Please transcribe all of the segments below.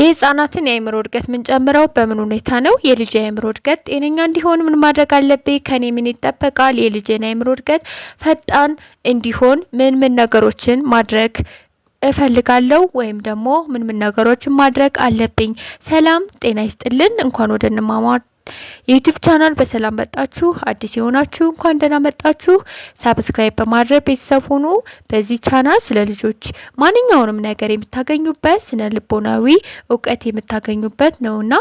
የህፃናትን የአእምሮ እድገት የምንጨምረው በምን ሁኔታ ነው? የልጅ የአእምሮ እድገት ጤነኛ እንዲሆን ምን ማድረግ አለብኝ? ከኔ ምን ይጠበቃል? የልጅን የአእምሮ እድገት ፈጣን እንዲሆን ምን ምን ነገሮችን ማድረግ እፈልጋለሁ ወይም ደግሞ ምን ምን ነገሮችን ማድረግ አለብኝ? ሰላም ጤና ይስጥልን። እንኳን ወደ እንማማር የዩቲዩብ ቻናል በሰላም መጣችሁ። አዲስ የሆናችሁ እንኳን ደህና መጣችሁ። ሳብስክራይብ በማድረግ ቤተሰብ ሆኑ። በዚህ ቻናል ስለ ልጆች ማንኛውንም ነገር የምታገኙበት ስነ ልቦናዊ እውቀት የምታገኙበት ነውና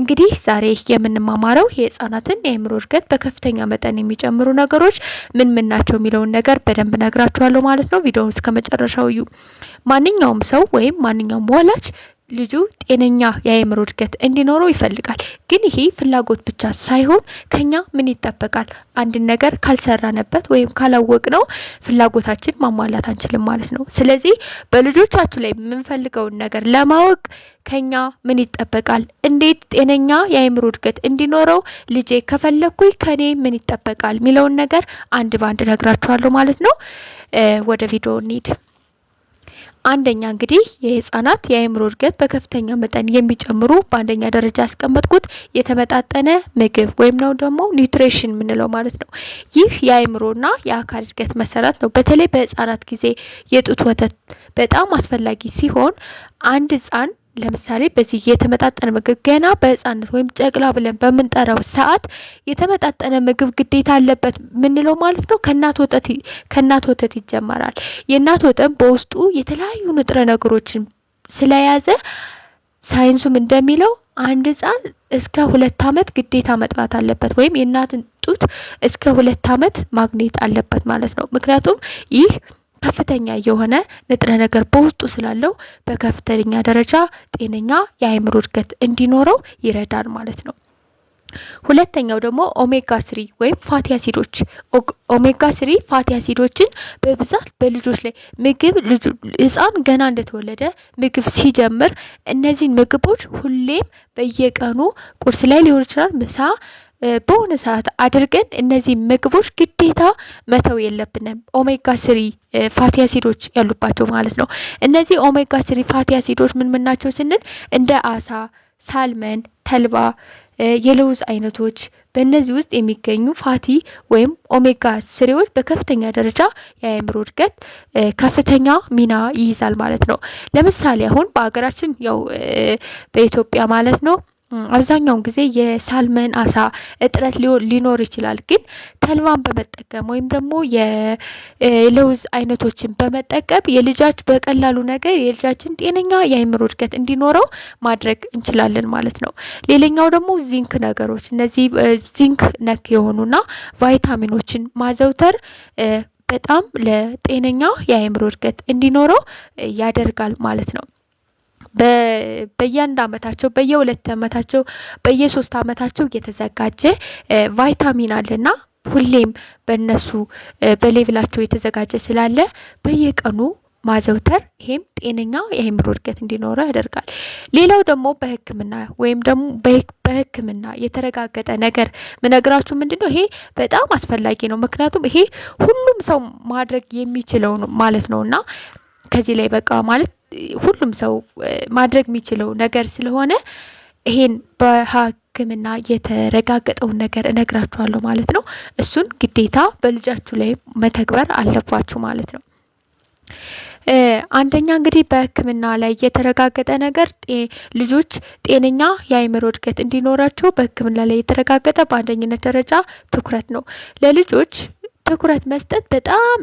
እንግዲህ ዛሬ የምንማማረው የህጻናትን የአእምሮ እድገት በከፍተኛ መጠን የሚጨምሩ ነገሮች ምን ምን ናቸው የሚለውን ነገር በደንብ ነግራችኋለሁ ማለት ነው። ቪዲዮውን እስከ መጨረሻው እዩ። ማንኛውም ሰው ወይም ማንኛውም ወላጅ ልጁ ጤነኛ የአእምሮ እድገት እንዲኖረው ይፈልጋል። ግን ይሄ ፍላጎት ብቻ ሳይሆን ከኛ ምን ይጠበቃል? አንድን ነገር ካልሰራንበት ወይም ካላወቅ ነው ፍላጎታችን ማሟላት አንችልም ማለት ነው። ስለዚህ በልጆቻችን ላይ የምንፈልገውን ነገር ለማወቅ ከኛ ምን ይጠበቃል? እንዴት ጤነኛ የአእምሮ እድገት እንዲኖረው ልጄ ከፈለግኩኝ ከኔ ምን ይጠበቃል? የሚለውን ነገር አንድ በአንድ ነግራችኋለሁ ማለት ነው። ወደ ቪዲዮ እንሂድ። አንደኛ እንግዲህ የህፃናት የአእምሮ እድገት በከፍተኛ መጠን የሚጨምሩ በአንደኛ ደረጃ ያስቀመጥኩት የተመጣጠነ ምግብ ወይም ነው ደግሞ ኒውትሬሽን የምንለው ማለት ነው። ይህ የአእምሮና የአካል እድገት መሰረት ነው። በተለይ በህፃናት ጊዜ የጡት ወተት በጣም አስፈላጊ ሲሆን አንድ ህፃን ለምሳሌ በዚህ የተመጣጠነ ምግብ ገና በህፃነት ወይም ጨቅላ ብለን በምንጠራው ሰዓት የተመጣጠነ ምግብ ግዴታ አለበት ምንለው ማለት ነው። ከእናት ወተት ይጀመራል። የእናት ወተት በውስጡ የተለያዩ ንጥረ ነገሮችን ስለያዘ ሳይንሱም እንደሚለው አንድ ህፃን እስከ ሁለት ዓመት ግዴታ መጥባት አለበት ወይም የእናትን ጡት እስከ ሁለት ዓመት ማግኘት አለበት ማለት ነው። ምክንያቱም ይህ ከፍተኛ የሆነ ንጥረ ነገር በውስጡ ስላለው በከፍተኛ ደረጃ ጤነኛ የአእምሮ እድገት እንዲኖረው ይረዳል ማለት ነው። ሁለተኛው ደግሞ ኦሜጋ ስሪ ወይም ፋቲ አሲዶች ኦሜጋ ስሪ ፋቲ አሲዶችን በብዛት በልጆች ላይ ምግብ ህፃን ገና እንደተወለደ ምግብ ሲጀምር እነዚህን ምግቦች ሁሌም በየቀኑ ቁርስ ላይ ሊሆን ይችላል፣ ምሳ በሆነ ሰዓት አድርገን እነዚህ ምግቦች ግዴታ መተው የለብንም። ኦሜጋ ስሪ ፋቲ አሲዶች ያሉባቸው ማለት ነው። እነዚህ ኦሜጋ ስሪ ፋቲ አሲዶች ምን ምን ናቸው ስንል እንደ አሳ፣ ሳልመን፣ ተልባ፣ የለውዝ አይነቶች በእነዚህ ውስጥ የሚገኙ ፋቲ ወይም ኦሜጋ ስሪዎች በከፍተኛ ደረጃ የአእምሮ እድገት ከፍተኛ ሚና ይይዛል ማለት ነው። ለምሳሌ አሁን በሀገራችን ያው በኢትዮጵያ ማለት ነው አብዛኛውን ጊዜ የሳልመን አሳ እጥረት ሊኖር ይችላል። ግን ተልባን በመጠቀም ወይም ደግሞ የለውዝ አይነቶችን በመጠቀም የልጃች በቀላሉ ነገር የልጃችን ጤነኛ የአይምሮ እድገት እንዲኖረው ማድረግ እንችላለን ማለት ነው። ሌላኛው ደግሞ ዚንክ ነገሮች እነዚህ ዚንክ ነክ የሆኑና ቫይታሚኖችን ማዘውተር በጣም ለጤነኛ የአይምሮ እድገት እንዲኖረው ያደርጋል ማለት ነው። በየአንድ አመታቸው በየሁለት አመታቸው በየሶስት አመታቸው እየተዘጋጀ ቫይታሚን አለና ሁሌም በእነሱ በሌቭላቸው የተዘጋጀ ስላለ በየቀኑ ማዘውተር ይሄም ጤነኛ የአእምሮ እድገት እንዲኖረ ያደርጋል። ሌላው ደግሞ በሕክምና ወይም ደግሞ በሕክምና የተረጋገጠ ነገር ምነግራችሁ ምንድን ነው? ይሄ በጣም አስፈላጊ ነው። ምክንያቱም ይሄ ሁሉም ሰው ማድረግ የሚችለው ማለት ነው እና ከዚህ ላይ በቃ ማለት ሁሉም ሰው ማድረግ የሚችለው ነገር ስለሆነ ይሄን በሕክምና የተረጋገጠውን ነገር እነግራችኋለሁ ማለት ነው። እሱን ግዴታ በልጃችሁ ላይ መተግበር አለባችሁ ማለት ነው። አንደኛ እንግዲህ በሕክምና ላይ የተረጋገጠ ነገር ልጆች ጤነኛ የአእምሮ እድገት እንዲኖራቸው በሕክምና ላይ የተረጋገጠ በአንደኝነት ደረጃ ትኩረት ነው ለልጆች ትኩረት መስጠት በጣም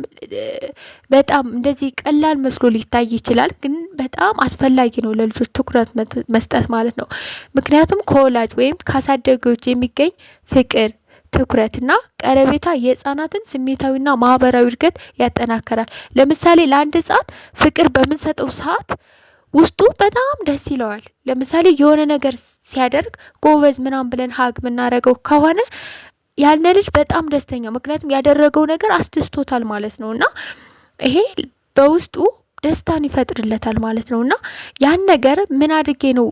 በጣም እንደዚህ ቀላል መስሎ ሊታይ ይችላል፣ ግን በጣም አስፈላጊ ነው ለልጆች ትኩረት መስጠት ማለት ነው። ምክንያቱም ከወላጅ ወይም ከአሳዳጊዎች የሚገኝ ፍቅር ትኩረትና ቀረቤታ የህፃናትን ስሜታዊና ማህበራዊ እድገት ያጠናከራል። ለምሳሌ ለአንድ ህፃን ፍቅር በምንሰጠው ሰዓት ውስጡ በጣም ደስ ይለዋል። ለምሳሌ የሆነ ነገር ሲያደርግ ጎበዝ ምናምን ብለን ሀግ የምናደርገው ከሆነ ያነ ልጅ በጣም ደስተኛ ምክንያቱም ያደረገው ነገር አስደስቶታል ማለት ነው እና ይሄ በውስጡ ደስታን ይፈጥርለታል ማለት ነው እና ያን ነገር ምን አድርጌ ነው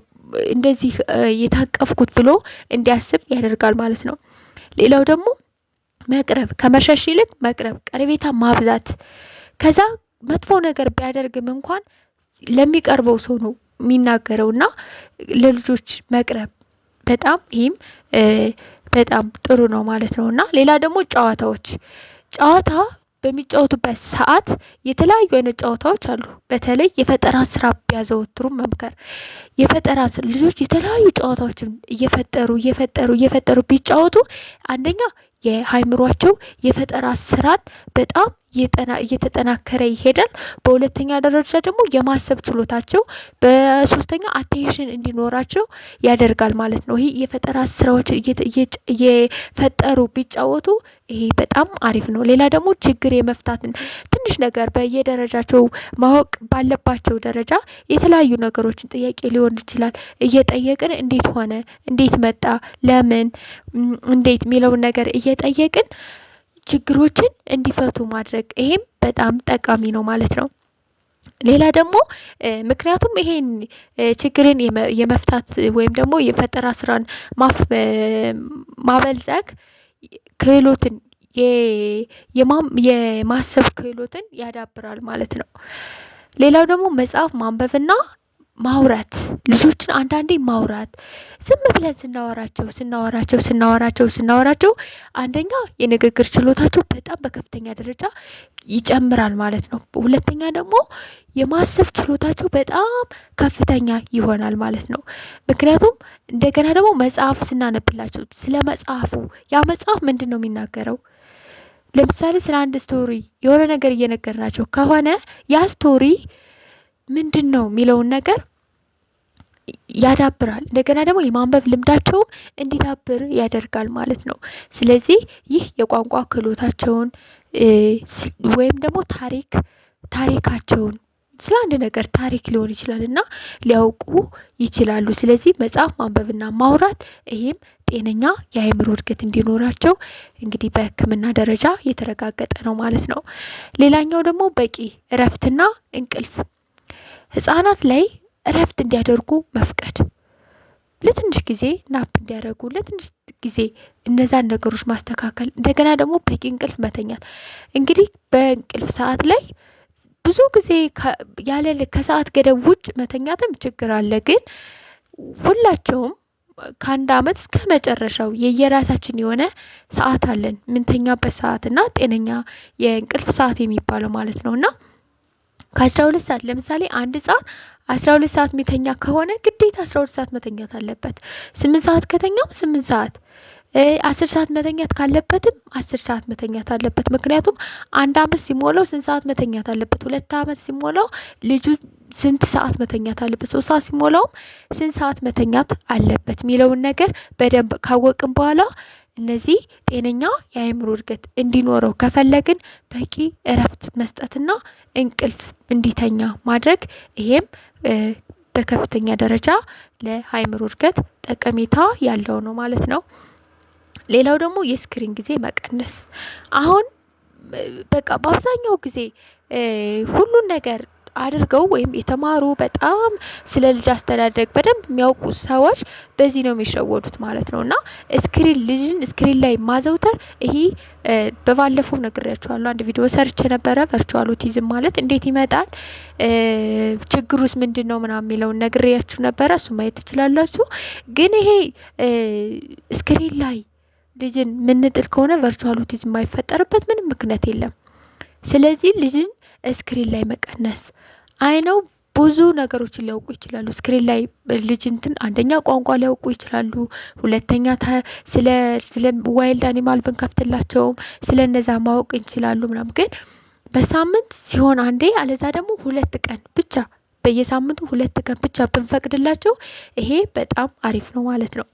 እንደዚህ የታቀፍኩት ብሎ እንዲያስብ ያደርጋል ማለት ነው። ሌላው ደግሞ መቅረብ፣ ከመሸሽ ይልቅ መቅረብ፣ ቀረቤታ ማብዛት። ከዛ መጥፎ ነገር ቢያደርግም እንኳን ለሚቀርበው ሰው ነው የሚናገረው እና ለልጆች መቅረብ በጣም ይህም በጣም ጥሩ ነው ማለት ነው እና ሌላ ደግሞ ጨዋታዎች ጨዋታ በሚጫወቱበት ሰዓት የተለያዩ አይነት ጨዋታዎች አሉ። በተለይ የፈጠራ ስራ ቢያዘወትሩ መምከር። የፈጠራ ልጆች የተለያዩ ጨዋታዎችን እየፈጠሩ እየፈጠሩ እየፈጠሩ ቢጫወቱ አንደኛ የአይምሯቸው የፈጠራ ስራን በጣም እየተጠናከረ ይሄዳል። በሁለተኛ ደረጃ ደግሞ የማሰብ ችሎታቸው በሶስተኛ አቴንሽን እንዲኖራቸው ያደርጋል ማለት ነው። ይሄ የፈጠራ ስራዎች እየፈጠሩ ቢጫወቱ ይሄ በጣም አሪፍ ነው። ሌላ ደግሞ ችግር የመፍታትን ትንሽ ነገር በየደረጃቸው ማወቅ ባለባቸው ደረጃ የተለያዩ ነገሮችን ጥያቄ ሊሆን ይችላል እየጠየቅን እንዴት ሆነ፣ እንዴት መጣ፣ ለምን፣ እንዴት የሚለውን ነገር እየጠየቅን ችግሮችን እንዲፈቱ ማድረግ ይሄም በጣም ጠቃሚ ነው ማለት ነው። ሌላ ደግሞ ምክንያቱም ይሄን ችግርን የመፍታት ወይም ደግሞ የፈጠራ ስራን ማበልጸግ ክህሎትን የማሰብ ክህሎትን ያዳብራል ማለት ነው። ሌላው ደግሞ መጽሐፍ ማንበብና ማውራት ልጆችን አንዳንዴ ማውራት ዝም ብለን ስናወራቸው ስናወራቸው ስናወራቸው ስናወራቸው አንደኛ የንግግር ችሎታቸው በጣም በከፍተኛ ደረጃ ይጨምራል ማለት ነው። ሁለተኛ ደግሞ የማሰብ ችሎታቸው በጣም ከፍተኛ ይሆናል ማለት ነው። ምክንያቱም እንደገና ደግሞ መጽሐፍ ስናነብላቸው ስለ መጽሐፉ ያ መጽሐፍ ምንድን ነው የሚናገረው? ለምሳሌ ስለ አንድ ስቶሪ የሆነ ነገር እየነገርናቸው ከሆነ ያ ስቶሪ ምንድን ነው የሚለውን ነገር ያዳብራል። እንደገና ደግሞ የማንበብ ልምዳቸውም እንዲዳብር ያደርጋል ማለት ነው። ስለዚህ ይህ የቋንቋ ክህሎታቸውን ወይም ደግሞ ታሪክ ታሪካቸውን ስለ አንድ ነገር ታሪክ ሊሆን ይችላል እና ሊያውቁ ይችላሉ። ስለዚህ መጽሐፍ ማንበብና ማውራት ይህም ጤነኛ የአእምሮ እድገት እንዲኖራቸው እንግዲህ በሕክምና ደረጃ የተረጋገጠ ነው ማለት ነው። ሌላኛው ደግሞ በቂ እረፍትና እንቅልፍ ህጻናት ላይ እረፍት እንዲያደርጉ መፍቀድ ለትንሽ ጊዜ ናፕ እንዲያደርጉ ለትንሽ ጊዜ እነዛን ነገሮች ማስተካከል፣ እንደገና ደግሞ በቂ እንቅልፍ መተኛት። እንግዲህ በእንቅልፍ ሰዓት ላይ ብዙ ጊዜ ያለ ከሰዓት ገደብ ውጭ መተኛትም ችግር አለ። ግን ሁላቸውም ከአንድ አመት እስከ መጨረሻው የየራሳችን የሆነ ሰዓት አለን ምንተኛበት ሰዓት እና ጤነኛ የእንቅልፍ ሰዓት የሚባለው ማለት ነው እና ከአስራ ሁለት ሰዓት ለምሳሌ አንድ ህፃን አስራ ሁለት ሰዓት የሚተኛ ከሆነ ግዴታ አስራ ሁለት ሰዓት መተኛት አለበት። ስምንት ሰዓት ከተኛም ስምንት ሰዓት አስር ሰዓት መተኛት ካለበትም አስር ሰዓት መተኛት አለበት። ምክንያቱም አንድ አመት ሲሞላው ስንት ሰዓት መተኛት አለበት? ሁለት አመት ሲሞላው ልጁ ስንት ሰዓት መተኛት አለበት? ሶስት ሰዓት ሲሞላውም ስንት ሰዓት መተኛት አለበት የሚለውን ነገር በደንብ ካወቅም በኋላ እነዚህ ጤነኛ የአእምሮ እድገት እንዲኖረው ከፈለግን በቂ እረፍት መስጠትና እንቅልፍ እንዲተኛ ማድረግ ይሄም በከፍተኛ ደረጃ ለአእምሮ እድገት ጠቀሜታ ያለው ነው ማለት ነው። ሌላው ደግሞ የስክሪን ጊዜ መቀነስ አሁን በቃ በአብዛኛው ጊዜ ሁሉን ነገር አድርገው ወይም የተማሩ በጣም ስለ ልጅ አስተዳደግ በደንብ የሚያውቁ ሰዎች በዚህ ነው የሚሸወዱት ማለት ነው። እና ስክሪን ልጅን ስክሪን ላይ ማዘውተር ይሄ በባለፈው ነግሬያቸዋለሁ። አንድ ቪዲዮ ሰርች ነበረ። ቨርቹዋል ኦቲዝም ማለት እንዴት ይመጣል፣ ችግሩስ ምንድን ነው ምናምን የሚለውን ነግሬያችሁ ነበረ። እሱ ማየት ትችላላችሁ። ግን ይሄ ስክሪን ላይ ልጅን ምንጥል ከሆነ ቨርቹዋል ኦቲዝም የማይፈጠርበት ምንም ምክንያት የለም። ስለዚህ ልጅን ስክሪን ላይ መቀነስ አይነው ብዙ ነገሮችን ሊያውቁ ይችላሉ። እስክሪን ላይ ልጅ እንትን አንደኛ ቋንቋ ሊያውቁ ይችላሉ። ሁለተኛ ስለ ስለ ዋይልድ አኒማል ብንከፍትላቸውም ስለ እነዛ ማወቅ ይችላሉ ምናምን። ግን በሳምንት ሲሆን አንዴ አለዛ ደግሞ ሁለት ቀን ብቻ በየሳምንቱ ሁለት ቀን ብቻ ብንፈቅድላቸው ይሄ በጣም አሪፍ ነው ማለት ነው።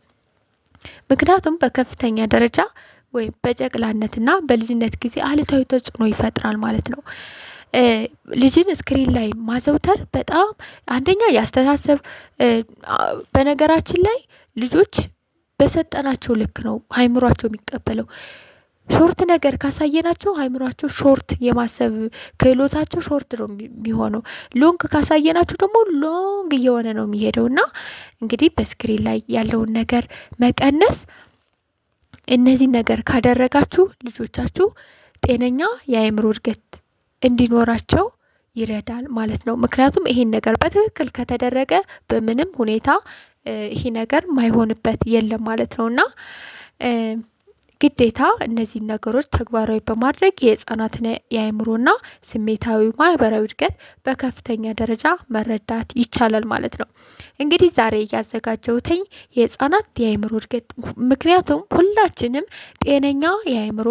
ምክንያቱም በከፍተኛ ደረጃ ወይም በጨቅላነትና በልጅነት ጊዜ አሉታዊ ተጽዕኖ ይፈጥራል ማለት ነው። ልጅን ስክሪን ላይ ማዘውተር በጣም አንደኛ ያስተሳሰብ በነገራችን ላይ ልጆች በሰጠናቸው ልክ ነው አይምሯቸው የሚቀበለው። ሾርት ነገር ካሳየናቸው አይምሯቸው ሾርት የማሰብ ክህሎታቸው ሾርት ነው የሚሆነው። ሎንግ ካሳየናቸው ደግሞ ሎንግ እየሆነ ነው የሚሄደው እና እንግዲህ በስክሪን ላይ ያለውን ነገር መቀነስ እነዚህን ነገር ካደረጋችሁ ልጆቻችሁ ጤነኛ የአይምሮ እድገት እንዲኖራቸው ይረዳል ማለት ነው። ምክንያቱም ይሄን ነገር በትክክል ከተደረገ በምንም ሁኔታ ይሄ ነገር ማይሆንበት የለም ማለት ነው እና ግዴታ እነዚህን ነገሮች ተግባራዊ በማድረግ የህፃናትን የአእምሮና ስሜታዊ ማህበራዊ እድገት በከፍተኛ ደረጃ መረዳት ይቻላል ማለት ነው። እንግዲህ ዛሬ እያዘጋጀውትኝ የህፃናት የአእምሮ እድገት ምክንያቱም ሁላችንም ጤነኛ የአእምሮ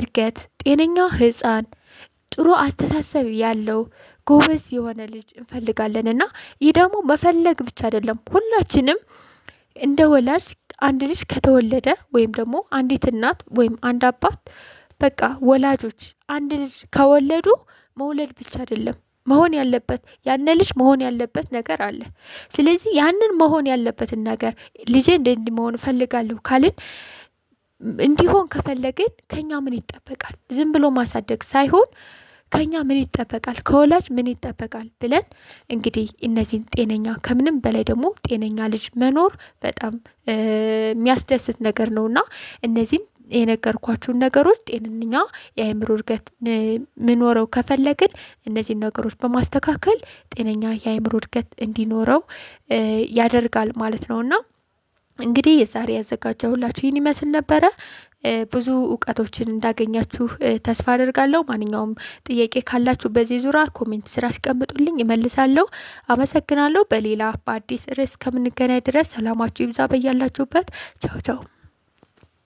እድገት ጤነኛ ህፃን ጥሩ አስተሳሰብ ያለው ጎበዝ የሆነ ልጅ እንፈልጋለን እና ይህ ደግሞ መፈለግ ብቻ አይደለም። ሁላችንም እንደ ወላጅ አንድ ልጅ ከተወለደ ወይም ደግሞ አንዲት እናት ወይም አንድ አባት በቃ ወላጆች አንድ ልጅ ከወለዱ መውለድ ብቻ አይደለም መሆን ያለበት ያን ልጅ መሆን ያለበት ነገር አለ። ስለዚህ ያንን መሆን ያለበትን ነገር ልጄ እንዲህ መሆን እፈልጋለሁ ካልን እንዲሆን ከፈለግን ከኛ ምን ይጠበቃል? ዝም ብሎ ማሳደግ ሳይሆን ከኛ ምን ይጠበቃል፣ ከወላጅ ምን ይጠበቃል ብለን እንግዲህ እነዚህን ጤነኛ ከምንም በላይ ደግሞ ጤነኛ ልጅ መኖር በጣም የሚያስደስት ነገር ነው እና እነዚህን የነገርኳችሁን ነገሮች ጤንኛ የአእምሮ እድገት ምኖረው ከፈለግን እነዚህን ነገሮች በማስተካከል ጤነኛ የአእምሮ እድገት እንዲኖረው ያደርጋል ማለት ነው እና እንግዲህ የዛሬ ያዘጋጀሁላችሁ ይህን ይመስል ነበረ። ብዙ እውቀቶችን እንዳገኛችሁ ተስፋ አደርጋለሁ። ማንኛውም ጥያቄ ካላችሁ በዚህ ዙራ ኮሜንት ስራ አስቀምጡልኝ፣ እመልሳለሁ። አመሰግናለሁ። በሌላ በአዲስ ርዕስ ከምንገናኝ ድረስ ሰላማችሁ ይብዛ በያላችሁበት። ቻው ቻው።